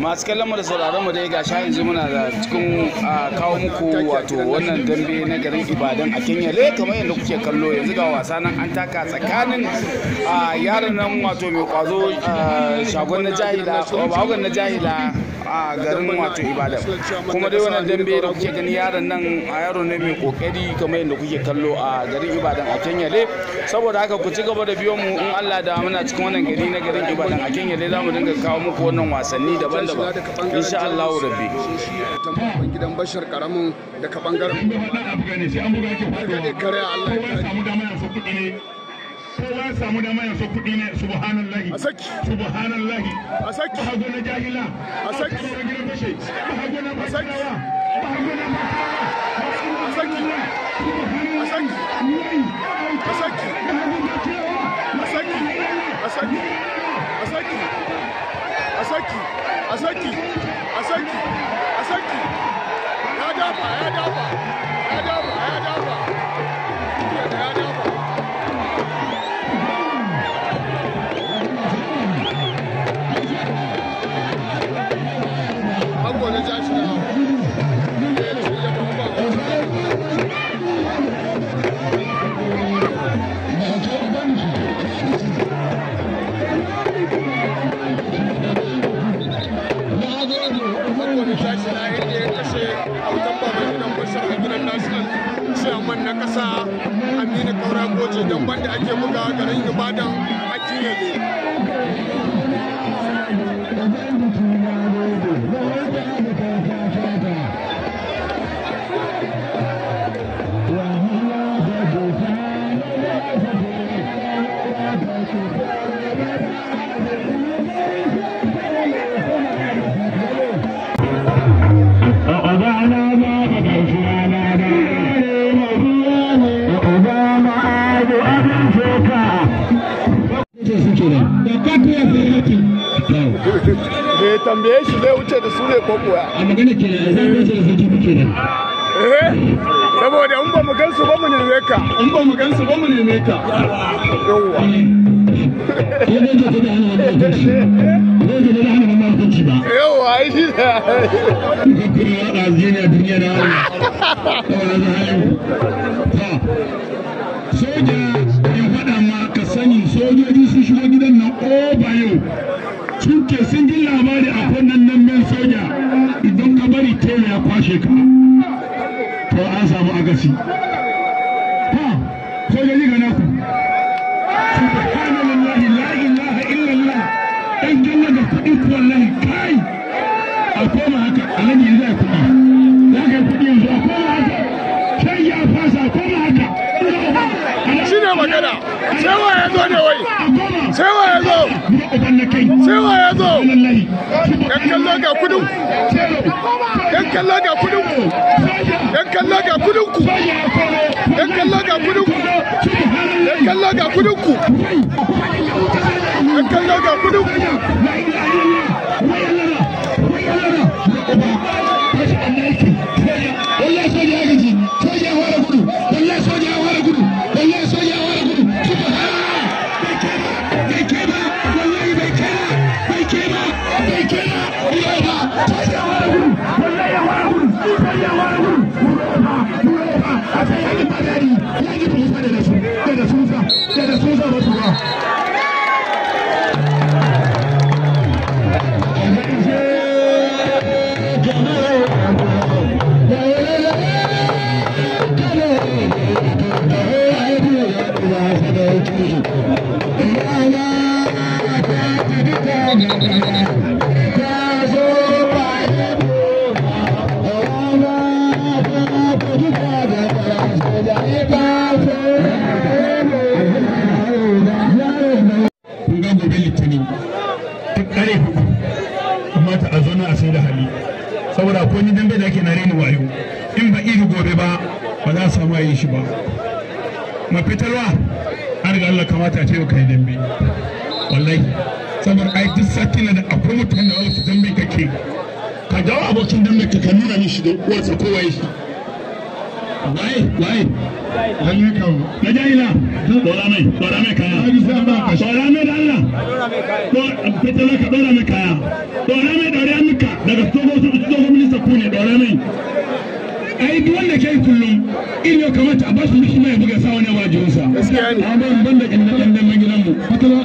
masu kallon mu da sauraron mu dai ga sha yanzu muna da cikin kawo muku wato wannan dambe na garin ibadan a kenya le kamar yadda kuke kallo yanzu ga wasa nan an taka tsakanin yaran nan wato mai kwazo shagon na jahila na jahila a garin wato ibadan kuma dai wannan dambe da kuke gani yaron nan a yaro ne mai kokari kamar yadda kuke kallo a garin ibadan a kenya dai saboda haka ku ci gaba da biyo mu in allah da muna cikin wannan gari na garin ibadan a kenya dai zamu dinga kawo muku wannan wasanni daban-daban insha allahu rabbi gidan bashar karamin daga bangaren kowa ya samu da ya so kuɗi ne subhanallahi subhanallahi ba hago na jahila saki. hago na gidan fashe ba hago na fasarawa ba hago na fasarawa gabatar hakkin ya tambaye shi zai wuce da su ne ko kuwa a magana ke da zai wuce da sarki kuke nan eh saboda in ba mu gan su ba mu neme ka in ba mu gan su ba mu neme ka eh. soja ya faɗa ma ka sani sojoji sun shigo gidan nan o ba yau sun ce sun ji labari a kwanan nan men soja idan ka bari tela ya kwashe ka to an samu agasi ha sojoji ga naku subhanallahi la ilaha illallah dan janna da kudi ko wallahi kai a koma haka alani yanzu ya kudi za ka kudi yanzu a magana sai wa ya zo ne wai sai wa ya zo sai wa ya zo yan kallo ga kudin yan kallo ga kudin yan kallo ga kudin ku yan kallo ga kudin ku yan kallo ga kudin ku fitarwa an ga Allah kamata a ce ka yi dambe Wallai saboda ai duk satin da akwai mutane da wasu dambe kake ka jawo abokin dambe ka ka nuna mishi da uwarsa kowa shi waye waye an yi kawo na jahila dora mai dora mai kaya dora mai da Allah fitarwa ka dora mai kaya dora mai dora mika daga tsohon su tsohon minista ku ne dora mai ai duk wanda kai kullum iri ido kamata a bashi shi mai buga sa wani wajinsa amma ban da inda dan dan gidan mu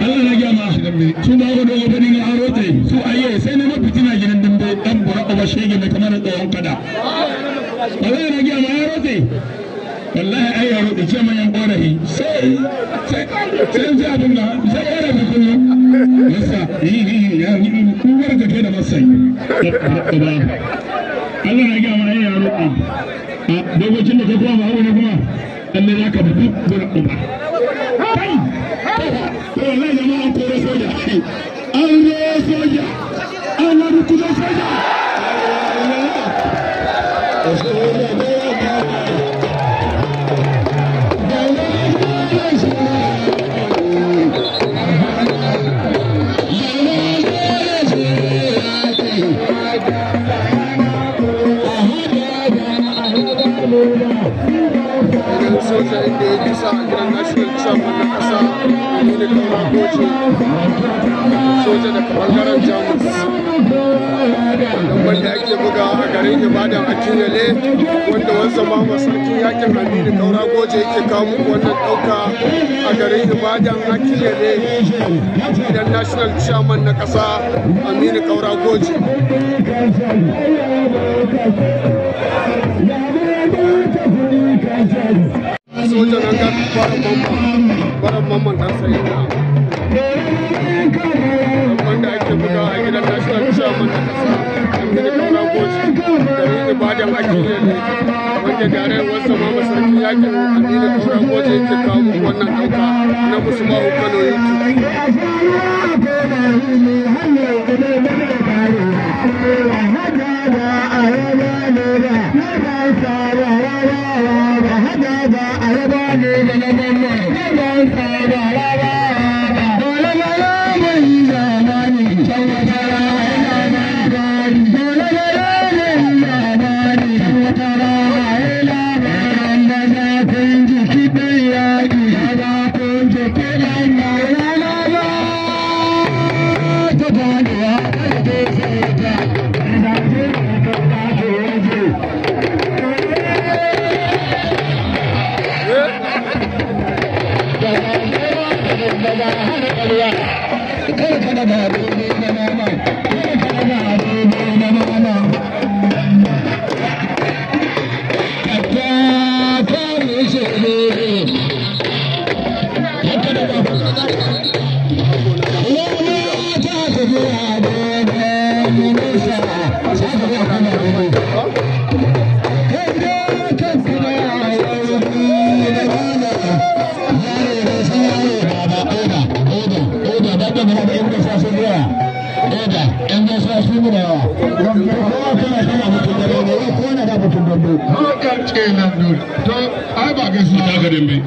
Allah na gama su ba ga dogo bani na arote su aye sai ne mafitina gidan dan dan buraka ba shege mai kamar tsawon kada Allah na gama arote wallahi ai ya rudi ce manyan korafi sai sai sai abin da sai ya rabu kullum yasa yi yi ya ni ku warka ke da masai ba Allah ya gama ai yaro a lokacin da ka kuma ba ne kuma lalle za ka duk bura uba kai to wallahi jama'a an kore soja an zo soja an wani kuma soja tunale wanda wanzan mama sarkin yakin aminu daura goje yake kawo muku wannan ɗauka a garin ibadan akiyale gidan national chairman na ƙasa aminu kaura goje sojan an gafi baran mamman baran mamman ɗan sayi ibadan ake ne wanda darewar sama masarki yakin aminu turan waje yake kawo muku wannan ɗauka na musulma ukano Thank you.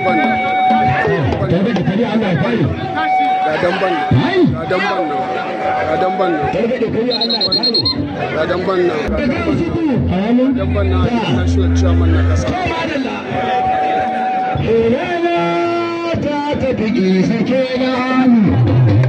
damban ta tafi sake na hannu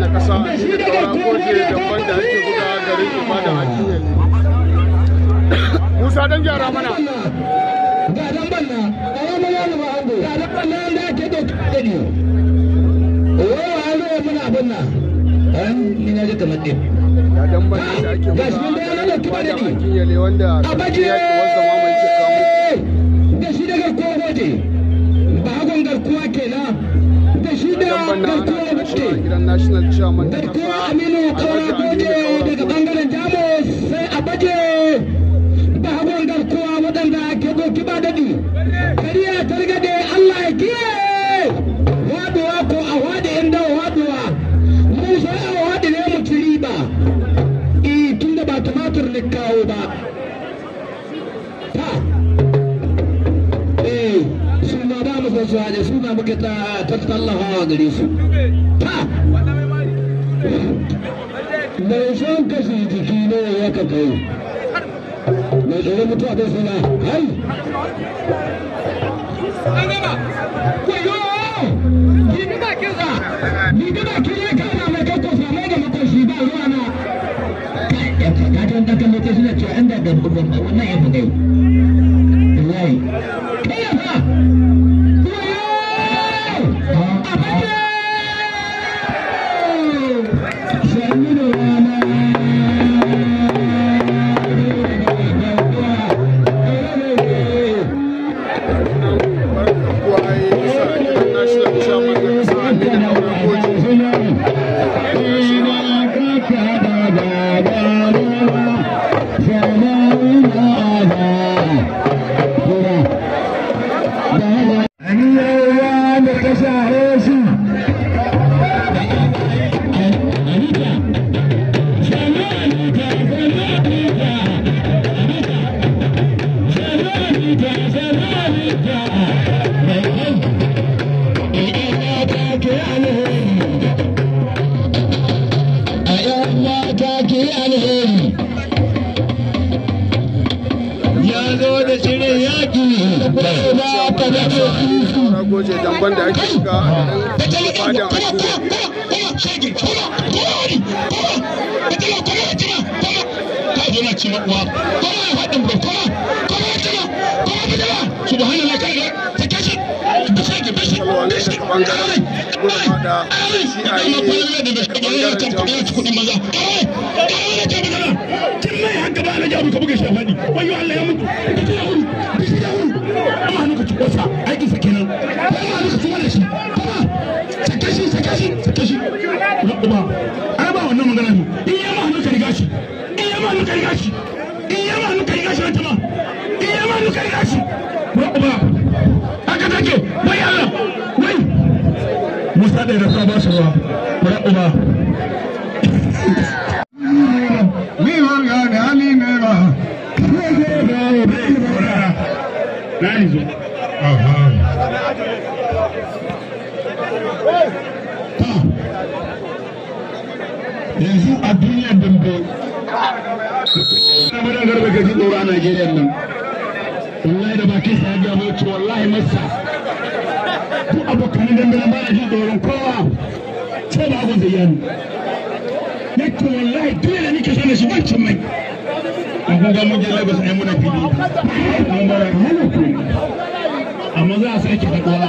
na kasa da shi da garkuwa da wanda ake buga garin ibadan a kiyaye musa dan gyara mana ga dan banna a wani wani ma ango ga dan banna da ake doka da ni wai wa an zo mana abin nan an ni na ji kamar din ga dan banna da ake buga garin ibadan a kiyaye wanda a baje wannan ana cewa national chairman da kafa aminu kaura goje daga bangaren jamus sai a baje da habon garkuwa waɗanda ke goki ba daɗi kariya targade allah ya kiyaye Allah muke ta tallafawa gare su ta mai kashe jiki ne ya ka kai tsoron mutuwa da suna cewa an fadan Aiki sa kenan, kuma da shi kashi ta kashi ta kashi na uba ai ba wannan magana ne in ya ma hannu ka riga in ya ma hannu ka riga in ya ma hannu ka riga shi ma in ya ma hannu ka riga na uba haka take wai Allah wai musa da rasa ba su ruwa na uba ni wanga da ne ba zo? Aha. garba ka ji tsoro a Najeriya nan wallahi da bakin sa ya ga mu ce wallahi masa ku abokan dangana ba a ji tsoron kowa sai da abun zai yanu yake wallahi dole ne ka sanar shi wancan mai kun ga mun je Lagos ai fili mun amma za a sake haɗuwa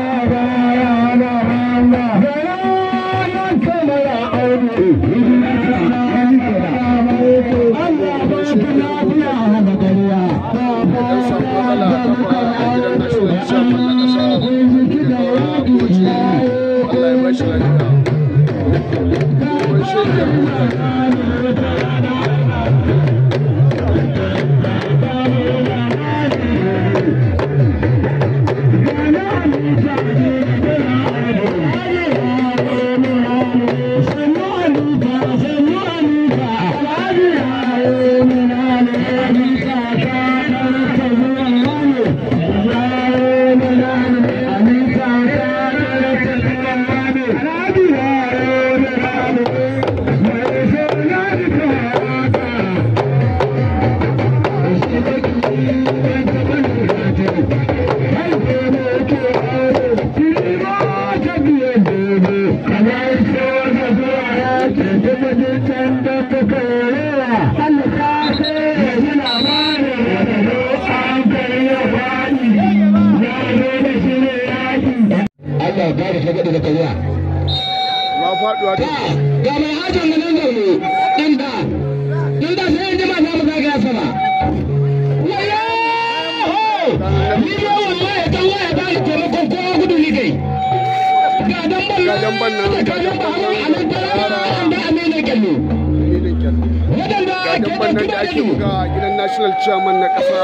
local chairman na ƙasa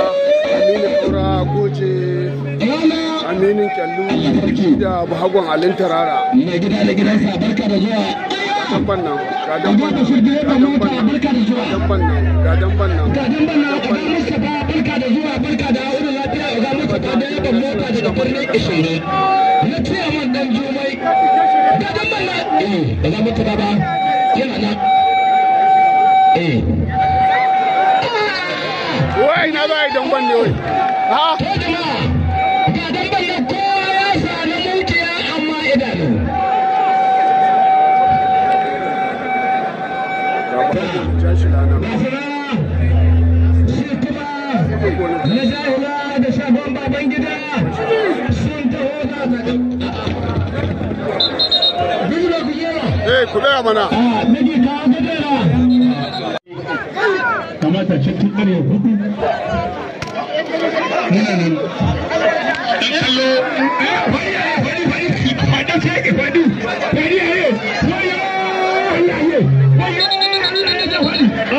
aminu kura goje aminin kyallu da bahagon alin tarara mai bannan bannan bannan bannan bannan bannan ina za a yi dangon ne wai ha Na jahila da shagon baban sun taho ka. Duk da ku mana. Ah, kawo gashi tun hudu muna nan dan kallo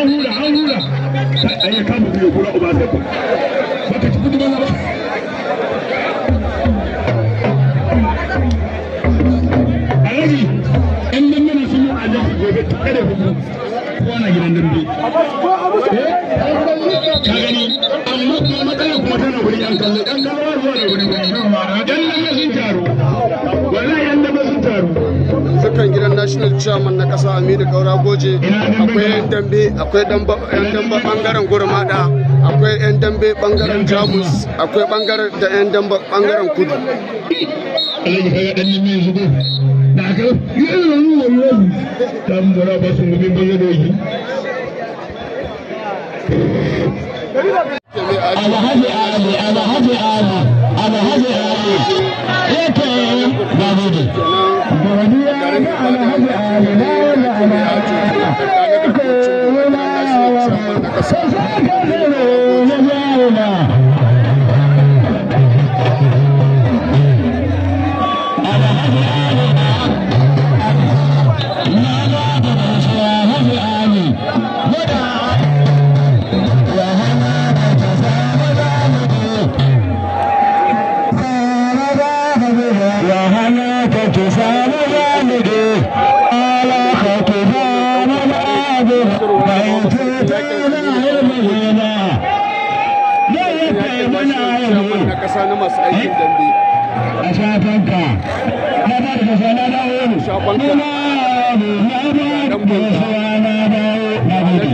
Allah ya an hura kama biyo kura uba sai ciyaman na kasa aminu kaura goje akwai yan dambe akwai yan dambe bangaren gurmada akwai yan dambe bangaren jamus akwai bangaren da yan dambe bangaren kudu Allah Allah, hafi Allah hafi Allah, Allah hafi Allah. gasa na masu aikin dambe a shafanka na ba da gasa na dawo shafanka na ba da na dawo na ba da da na ba da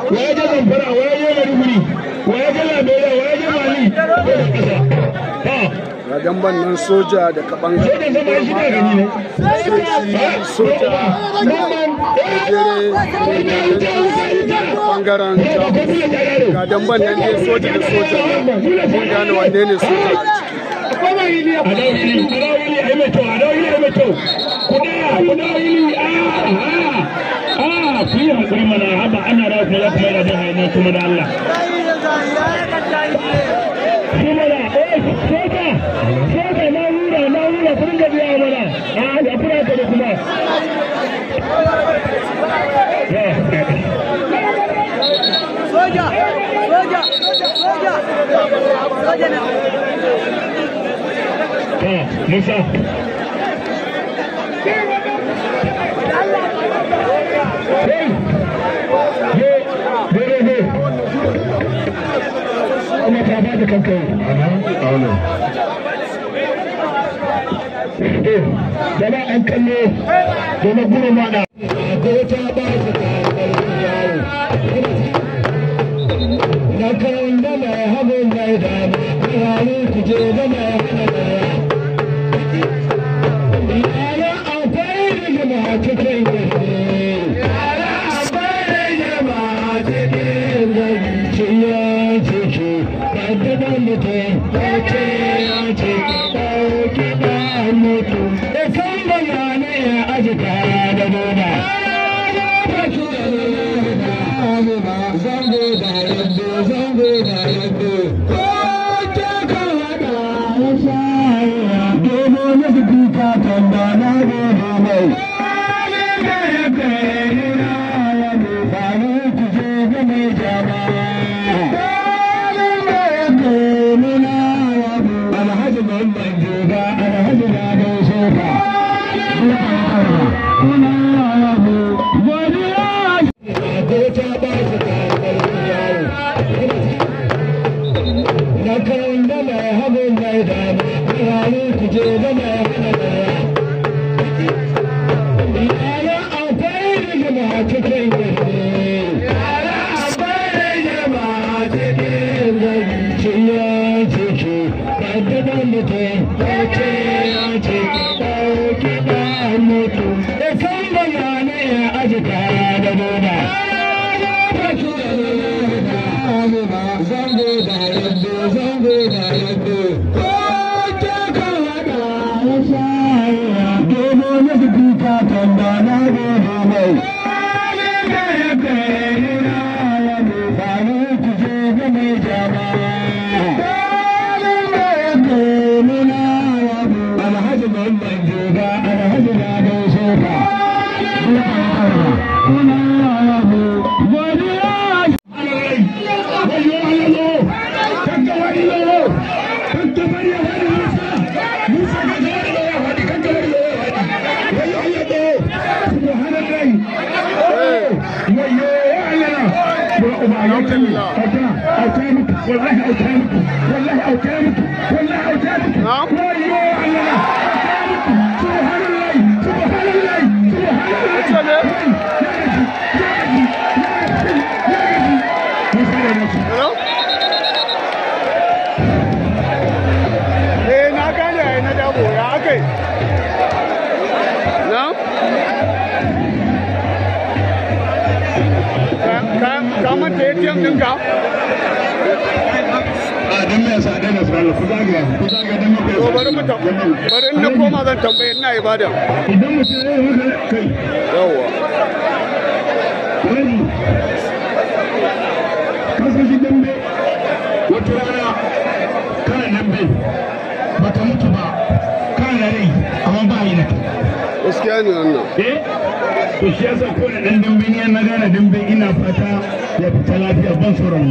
na dawo ya je yan nan soja da kaban soja bangaren ga ne soja da soja mun gane wanne ne soja a mana ana rawa kuma jihar kuma da Allah. ku dinga biya mana a kuna ka da kuma soja soja soja soja na Musa Hey, hey, hey, hey. I'm not going to come to you. I know. I know. sauraro da an kallo da na gurin mana ko wata ba su ta yawo na kawai da mai hagun da ya dama rayu kuje gama ya hana da And I Bandana Vihumai Yeah. والله اوتامكم والله اوتامكم والله اوتامكم نعم وايوه على اوتامكم سبحان الله سبحان الله سبحان الله Come and take him, come. Uh, bari na koma zan tambaye ina ibada idan mutum yi maka kai yawa wani kasu dambe wata rana kana dambe bata mutu ba kana rai amma ba yi na kai gaskiya ne wannan eh? to shi yasa ko da dan dimbin yan na gane dimbin ina fata ya fita lafiya ban tsoron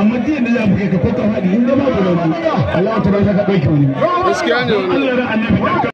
amma jiya da za ku kai ka faɗi in ku da Allah ta ba ka wani gaskiya ne wannan Allah annabi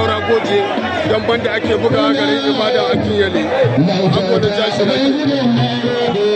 kaura goje don banda ake buga garin ibada a kinyale an gwada jashi